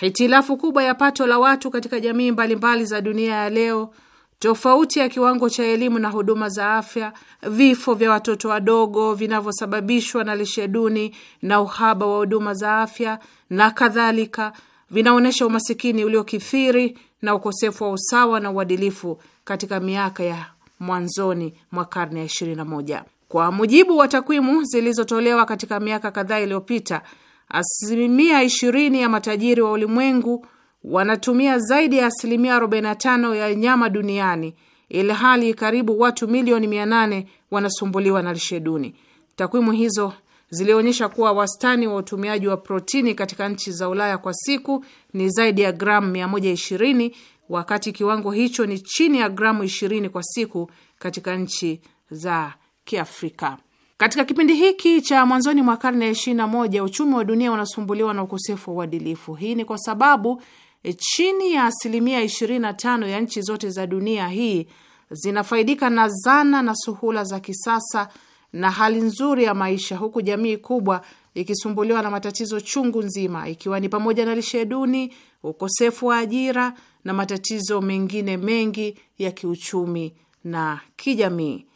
Hitilafu kubwa ya pato la watu katika jamii mbalimbali za dunia ya leo, tofauti ya kiwango cha elimu na huduma za afya, vifo vya watoto wadogo vinavyosababishwa na lishe duni na uhaba wa huduma za afya na kadhalika, vinaonyesha umasikini uliokithiri na ukosefu wa usawa na uadilifu katika miaka ya mwanzoni mwa karne ya 21. Kwa mujibu wa takwimu zilizotolewa katika miaka kadhaa iliyopita, asilimia 20 ya matajiri wa ulimwengu wanatumia zaidi ya asilimia 45 ya nyama duniani, ilhali karibu watu milioni 800 wanasumbuliwa na lishe duni. Takwimu hizo zilionyesha kuwa wastani wa utumiaji wa protini katika nchi za Ulaya kwa siku ni zaidi ya gramu 120 wakati kiwango hicho ni chini ya gramu 20 kwa siku katika nchi za Kiafrika. Katika kipindi hiki cha mwanzoni mwa karne ya 21 uchumi wa dunia unasumbuliwa na ukosefu wa uadilifu. Hii ni kwa sababu eh, chini ya asilimia 25 ya nchi zote za dunia hii zinafaidika na zana na suhula za kisasa na hali nzuri ya maisha, huku jamii kubwa ikisumbuliwa na matatizo chungu nzima, ikiwa ni pamoja na lishe duni, ukosefu wa ajira na matatizo mengine mengi ya kiuchumi na kijamii.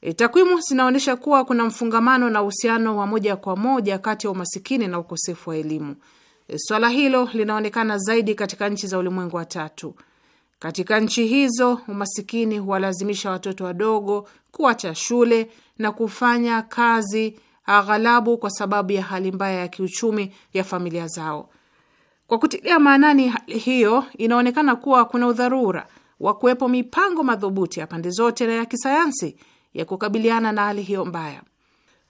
E, takwimu zinaonyesha kuwa kuna mfungamano na uhusiano wa moja kwa moja kati ya umasikini na ukosefu wa elimu. E, swala hilo linaonekana zaidi katika nchi za ulimwengu wa tatu. Katika nchi hizo umasikini huwalazimisha watoto wadogo kuacha shule na kufanya kazi aghalabu kwa sababu ya hali mbaya ya kiuchumi ya familia zao. Kwa kutilia maanani hali hiyo, inaonekana kuwa kuna udharura wa kuwepo mipango madhubuti ya pande zote na ya kisayansi ya kukabiliana na hali hiyo mbaya.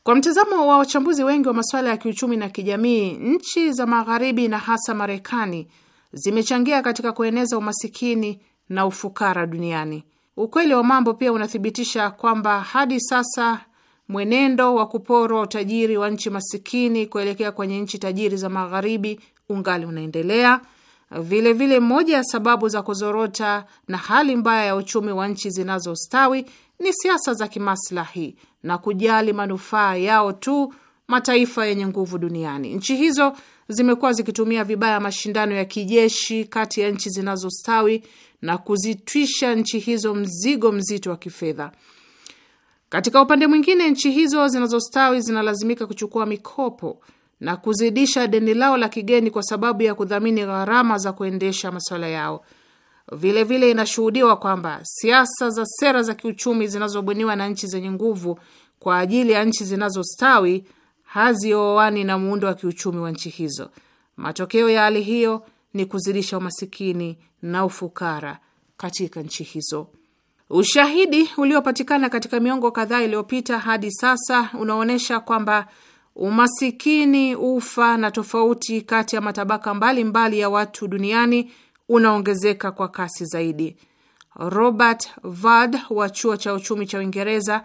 Kwa mtazamo wa wachambuzi wengi wa masuala ya kiuchumi na kijamii, nchi za Magharibi na hasa Marekani zimechangia katika kueneza umasikini na ufukara duniani. Ukweli wa mambo pia unathibitisha kwamba hadi sasa mwenendo wa kuporwa utajiri wa nchi masikini kuelekea kwenye nchi tajiri za magharibi ungali unaendelea. Vilevile vile, moja ya sababu za kuzorota na hali mbaya ya uchumi wa nchi zinazostawi ni siasa za kimaslahi na kujali manufaa yao tu mataifa yenye nguvu duniani. Nchi hizo zimekuwa zikitumia vibaya mashindano ya kijeshi kati ya nchi zinazostawi na kuzitwisha nchi hizo mzigo mzito wa kifedha. Katika upande mwingine, nchi hizo zinazostawi zinalazimika kuchukua mikopo na kuzidisha deni lao la kigeni kwa sababu ya kudhamini gharama za kuendesha masuala yao. Vilevile vile inashuhudiwa kwamba siasa za sera za kiuchumi zinazobuniwa na nchi zenye nguvu kwa ajili ya nchi zinazostawi hazioani na muundo wa kiuchumi wa nchi hizo. Matokeo ya hali hiyo ni kuzidisha umasikini na ufukara katika nchi hizo. Ushahidi uliopatikana katika miongo kadhaa iliyopita hadi sasa unaonyesha kwamba umasikini, ufa na tofauti kati ya matabaka mbalimbali mbali ya watu duniani unaongezeka kwa kasi zaidi. Robert Vad wa chuo cha uchumi cha Uingereza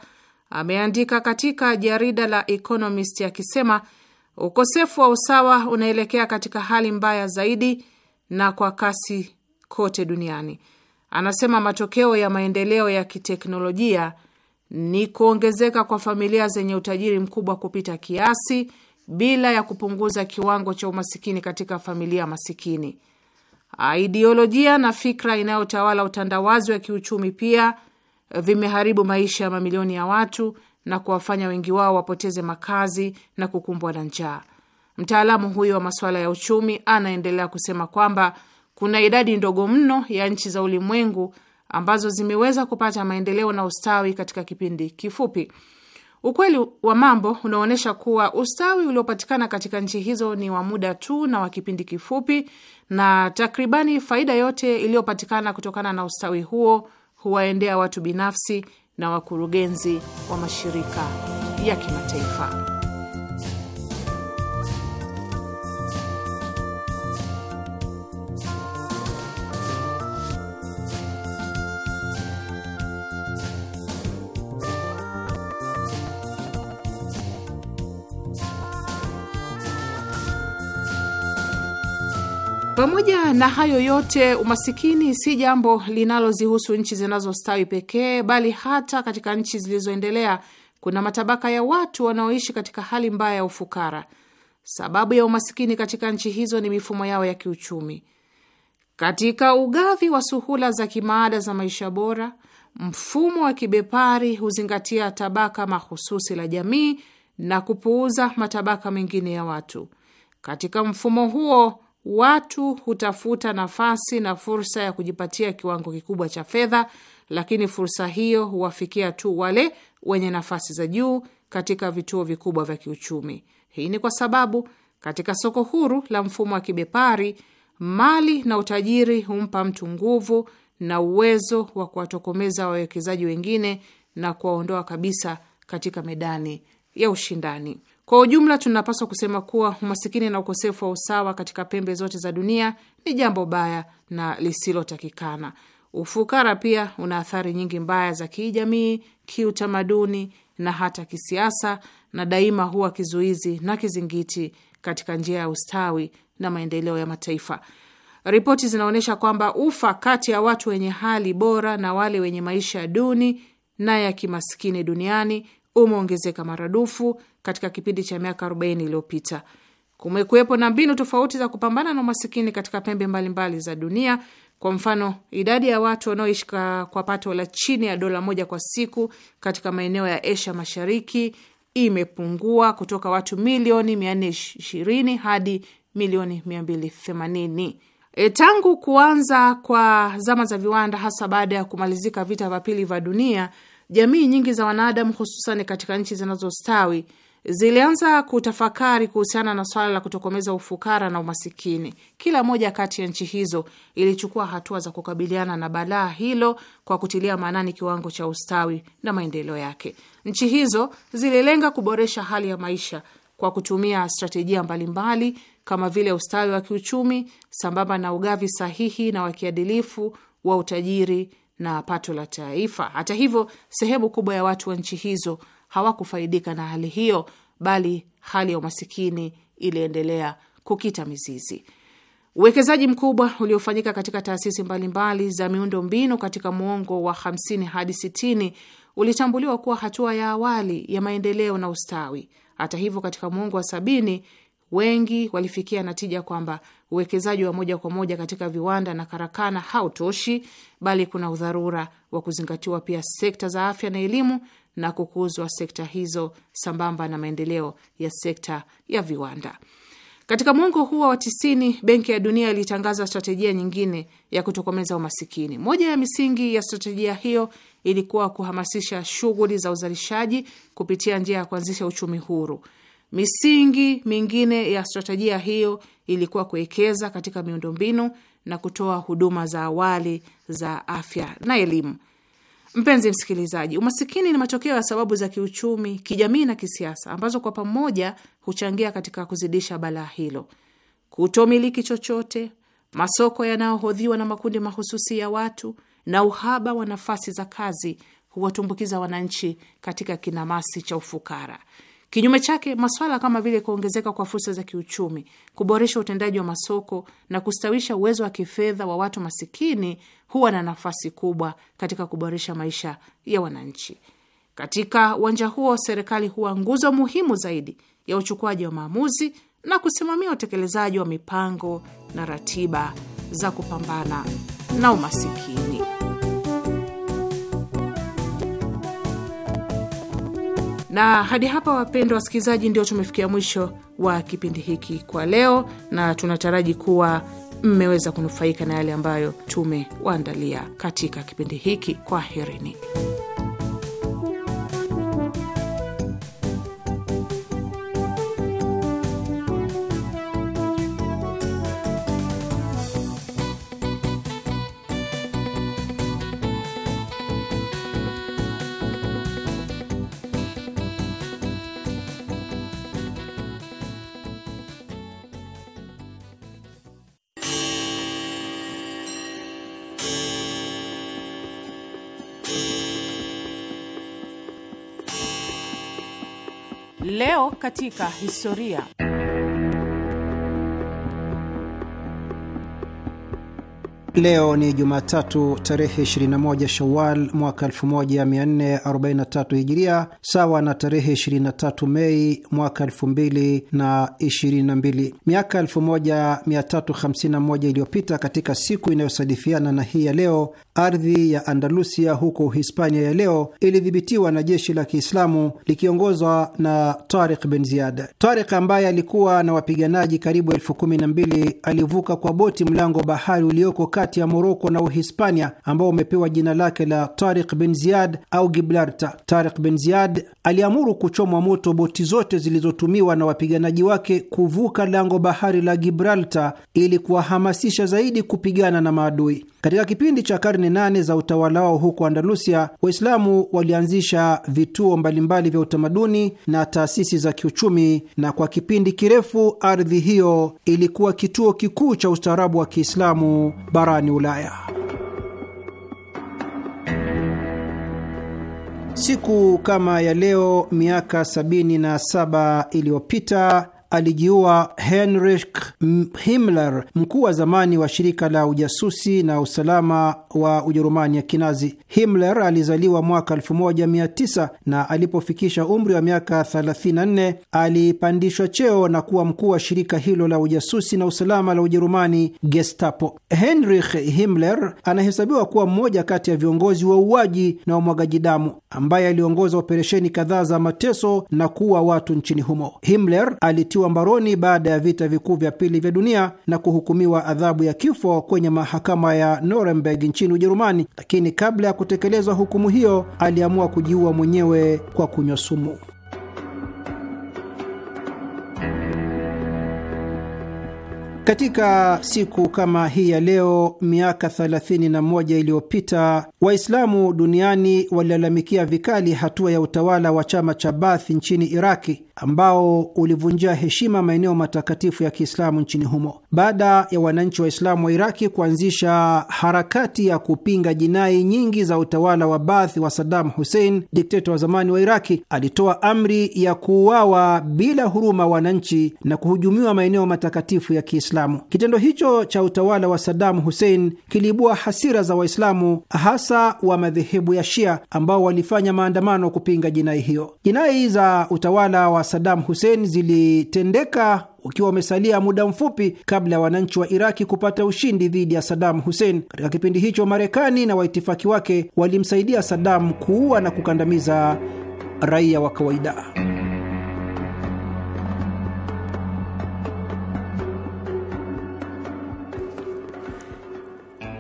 ameandika katika jarida la Economist akisema ukosefu wa usawa unaelekea katika hali mbaya zaidi na kwa kasi kote duniani. Anasema matokeo ya maendeleo ya kiteknolojia ni kuongezeka kwa familia zenye utajiri mkubwa kupita kiasi bila ya kupunguza kiwango cha umasikini katika familia masikini. Aidiolojia na fikra inayotawala utandawazi wa kiuchumi pia vimeharibu maisha ya mamilioni ya watu na kuwafanya wengi wao wapoteze makazi na kukumbwa na njaa. Mtaalamu huyo wa masuala ya uchumi anaendelea kusema kwamba kuna idadi ndogo mno ya nchi za ulimwengu ambazo zimeweza kupata maendeleo na ustawi katika kipindi kifupi. Ukweli wa mambo unaonyesha kuwa ustawi uliopatikana katika nchi hizo ni wa muda tu na wa kipindi kifupi, na takribani faida yote iliyopatikana kutokana na ustawi huo huwaendea watu binafsi na wakurugenzi wa mashirika ya kimataifa. Pamoja na hayo yote, umasikini si jambo linalozihusu nchi zinazostawi pekee, bali hata katika nchi zilizoendelea kuna matabaka ya watu wanaoishi katika hali mbaya ya ufukara. Sababu ya umasikini katika nchi hizo ni mifumo yao ya kiuchumi. Katika ugavi wa suhula za kimaada za maisha bora, mfumo wa kibepari huzingatia tabaka mahususi la jamii na kupuuza matabaka mengine ya watu. Katika mfumo huo Watu hutafuta nafasi na fursa ya kujipatia kiwango kikubwa cha fedha, lakini fursa hiyo huwafikia tu wale wenye nafasi za juu katika vituo vikubwa vya kiuchumi. Hii ni kwa sababu katika soko huru la mfumo wa kibepari, mali na utajiri humpa mtu nguvu na uwezo wa kuwatokomeza wawekezaji wengine na kuwaondoa kabisa katika medani ya ushindani. Kwa ujumla, tunapaswa kusema kuwa umasikini na ukosefu wa usawa katika pembe zote za dunia ni jambo baya na lisilotakikana. Ufukara pia una athari nyingi mbaya za kijamii, kiutamaduni na hata kisiasa, na daima huwa kizuizi na kizingiti katika njia ya ustawi na maendeleo ya mataifa. Ripoti zinaonyesha kwamba ufa kati ya watu wenye hali bora na wale wenye maisha duni na ya kimaskini duniani umeongezeka maradufu katika kipindi cha miaka 40 iliyopita. Kumekuwepo na mbinu tofauti za kupambana na umasikini katika pembe mbalimbali mbali za dunia. Kwa mfano, idadi ya watu wanaoishi kwa pato la chini ya dola moja kwa siku katika maeneo ya Asia Mashariki imepungua kutoka watu milioni 420 hadi milioni 280. E, tangu kuanza kwa zama za viwanda, hasa baada ya kumalizika vita vya pili vya dunia, jamii nyingi za wanadamu, hususan katika nchi zinazostawi zilianza kutafakari kuhusiana na swala la kutokomeza ufukara na umasikini. Kila moja kati ya nchi hizo ilichukua hatua za kukabiliana na balaa hilo kwa kutilia maanani kiwango cha ustawi na maendeleo yake. Nchi hizo zililenga kuboresha hali ya maisha kwa kutumia stratejia mbalimbali kama vile ustawi wa kiuchumi sambamba na ugavi sahihi na wakiadilifu wa utajiri na pato la taifa. Hata hivyo, sehemu kubwa ya watu wa nchi hizo hawakufaidika na hali hiyo, bali hali ya umasikini iliendelea kukita mizizi. Uwekezaji mkubwa uliofanyika katika taasisi mbalimbali za miundo mbinu katika muongo wa 50 hadi 60 ulitambuliwa kuwa hatua ya awali ya maendeleo na ustawi. Hata hivyo, katika muongo wa sabini wengi walifikia natija kwamba uwekezaji wa moja kwa moja katika viwanda na karakana hautoshi, bali kuna udharura wa kuzingatiwa pia sekta za afya na elimu na kukuzwa sekta hizo sambamba na maendeleo ya sekta ya viwanda. Katika mwongo huo wa tisini, Benki ya Dunia ilitangaza strategia nyingine ya kutokomeza umasikini. Moja ya misingi ya strategia hiyo ilikuwa kuhamasisha shughuli za uzalishaji kupitia njia ya kuanzisha uchumi huru. Misingi mingine ya strategia hiyo ilikuwa kuwekeza katika miundombinu na kutoa huduma za awali za afya na elimu. Mpenzi msikilizaji, umasikini ni matokeo ya sababu za kiuchumi, kijamii na kisiasa ambazo kwa pamoja huchangia katika kuzidisha balaa hilo. Kutomiliki chochote, masoko yanayohodhiwa na makundi mahususi ya watu na uhaba wa nafasi za kazi huwatumbukiza wananchi katika kinamasi cha ufukara. Kinyume chake, maswala kama vile kuongezeka kwa fursa za kiuchumi, kuboresha utendaji wa masoko na kustawisha uwezo wa kifedha wa watu masikini huwa na nafasi kubwa katika kuboresha maisha ya wananchi. Katika uwanja huo, serikali huwa nguzo muhimu zaidi ya uchukuaji wa maamuzi na kusimamia utekelezaji wa mipango na ratiba za kupambana na umasikini. Na hadi hapa, wapendwa wasikilizaji, ndio tumefikia mwisho wa kipindi hiki kwa leo, na tunataraji kuwa mmeweza kunufaika na yale ambayo tumewaandalia katika kipindi hiki. Kwaherini. katika historia. Leo ni Jumatatu tarehe 21 Shawal mwaka 1443 Hijiria, sawa na tarehe 23 Mei mwaka 2022. Miaka 1351 iliyopita, katika siku inayosadifiana na hii ya leo, ardhi ya Andalusia huko Uhispania ya leo ilidhibitiwa na jeshi la Kiislamu likiongozwa na Tariq bin Ziyad. Tariq ambaye alikuwa na wapiganaji karibu elfu kumi na mbili alivuka kwa boti mlango wa bahari ulioko kati ya Moroko na Uhispania ambao umepewa jina lake la Tariq bin Ziyad au Gibraltar. Tariq bin Ziyad aliamuru kuchomwa moto boti zote zilizotumiwa na wapiganaji wake kuvuka lango bahari la Gibraltar ili kuwahamasisha zaidi kupigana na maadui. Katika kipindi cha karne nane za utawala wao huko Andalusia, Waislamu walianzisha vituo mbalimbali vya utamaduni na taasisi za kiuchumi, na kwa kipindi kirefu ardhi hiyo ilikuwa kituo kikuu cha ustaarabu wa Kiislamu bara barani Ulaya. Siku kama ya leo miaka sabini na saba iliyopita alijiua Heinrich Himmler, mkuu wa zamani wa shirika la ujasusi na usalama wa Ujerumani ya Kinazi. Himmler alizaliwa mwaka 1900 na alipofikisha umri wa miaka 34 alipandishwa cheo na kuwa mkuu wa shirika hilo la ujasusi na usalama la Ujerumani, Gestapo. Heinrich Himmler anahesabiwa kuwa mmoja kati ya viongozi wa uaji na umwagaji damu ambaye aliongoza operesheni kadhaa za mateso na kuwa watu nchini humo. Himmler aliti alitiwa mbaroni baada ya vita vikuu vya pili vya dunia na kuhukumiwa adhabu ya kifo kwenye mahakama ya Nuremberg nchini Ujerumani, lakini kabla ya kutekelezwa hukumu hiyo aliamua kujiua mwenyewe kwa kunywa sumu. Katika siku kama hii ya leo miaka 31 iliyopita Waislamu duniani walilalamikia vikali hatua ya utawala wa chama cha Baath nchini Iraki ambao ulivunjia heshima maeneo matakatifu ya Kiislamu nchini humo. Baada ya wananchi Waislamu wa Iraki kuanzisha harakati ya kupinga jinai nyingi za utawala wa Baath wa Saddam Hussein, dikteta wa zamani wa Iraki, alitoa amri ya kuuawa bila huruma wananchi na kuhujumiwa maeneo matakatifu ya Kiislamu. Kitendo hicho cha utawala wa Saddam Hussein kiliibua hasira za Waislamu, hasa wa madhehebu ya Shia ambao walifanya maandamano kupinga jinai hiyo. Jinai za utawala wa Saddam Hussein zilitendeka ukiwa umesalia muda mfupi kabla ya wananchi wa Iraki kupata ushindi dhidi ya Saddam Hussein. Katika kipindi hicho, Marekani na waitifaki wake walimsaidia Saddam kuua na kukandamiza raia wa kawaida.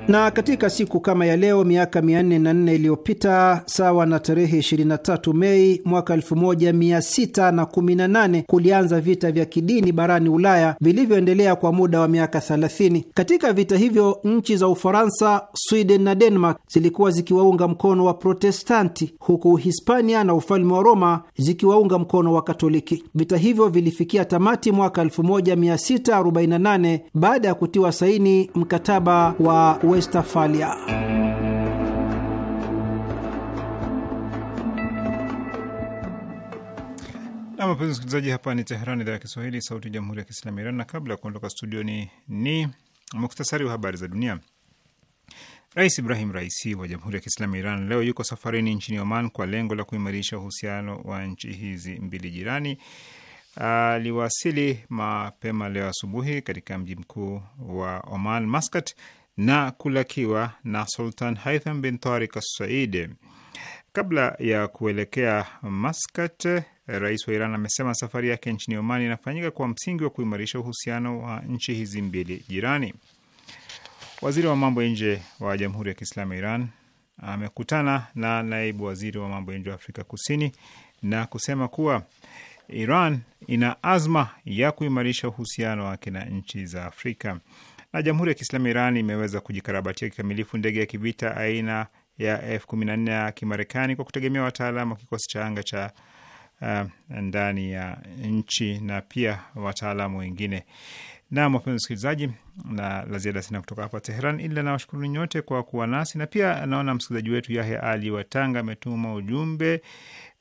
Na katika siku kama ya leo miaka 404 iliyopita, sawa na tarehe 23 Mei mwaka 1618, kulianza vita vya kidini barani Ulaya vilivyoendelea kwa muda wa miaka 30. Katika vita hivyo nchi za Ufaransa, Sweden na Denmark zilikuwa zikiwaunga mkono wa Protestanti, huku hispania na ufalme wa Roma zikiwaunga mkono wa Katoliki. Vita hivyo vilifikia tamati mwaka 1648 baada ya kutiwa saini mkataba wa Westfalia. Na mpenzi msikilizaji, hapa ni Teheran, idhaa ya Kiswahili, sauti ya jamhuri ya kiislamu ya Iran. Na kabla ya kuondoka studioni, ni, ni muktasari wa habari za dunia. Rais Ibrahim Raisi wa Jamhuri ya Kiislamu ya Iran leo yuko safarini nchini Oman kwa lengo la kuimarisha uhusiano wa nchi hizi mbili jirani. Aliwasili mapema leo asubuhi katika mji mkuu wa Oman, Maskat, na kulakiwa na Sultan Haitham bin Tarik Assaid. Kabla ya kuelekea Maskat, rais wa Iran amesema safari yake nchini Oman inafanyika kwa msingi wa kuimarisha uhusiano wa nchi hizi mbili jirani. Waziri wa mambo ya nje wa Jamhuri ya Kiislamu ya Iran amekutana na naibu waziri wa mambo ya nje wa Afrika Kusini na kusema kuwa Iran ina azma ya kuimarisha uhusiano wake na nchi za Afrika na Jamhuri ya Kiislamu Iran imeweza kujikarabatia kikamilifu ndege ya kivita aina ya F14 ya Kimarekani kwa kutegemea wataalamu wa kikosi cha anga cha uh, ndani ya nchi na pia wataalamu wengine. Na wapenzi msikilizaji, na la ziada sina kutoka hapa Teheran, ila nawashukuru nyote kwa kuwa nasi, na pia naona msikilizaji wetu Yahya Ali wa Tanga ametuma ujumbe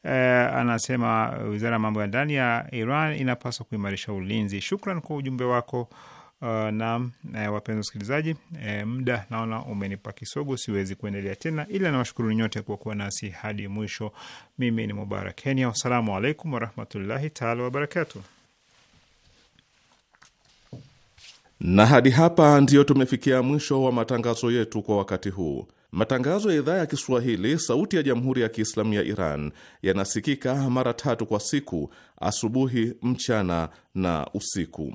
uh, anasema wizara ya mambo ya ndani ya Iran inapaswa kuimarisha ulinzi. Shukran kwa ujumbe wako. Uh, na uh, eh, wapenzi wasikilizaji, uh, muda naona umenipa kisogo, siwezi kuendelea tena, ila nawashukuru nyote kwa kuwa nasi hadi mwisho. Mimi ni Mubarak Kenya, wassalamu alaikum warahmatullahi taala wabarakatu. Na hadi hapa ndiyo tumefikia mwisho wa matangazo yetu kwa wakati huu. Matangazo ya idhaa ya Kiswahili sauti ya jamhuri ya Kiislamu ya Iran yanasikika mara tatu kwa siku: asubuhi, mchana na usiku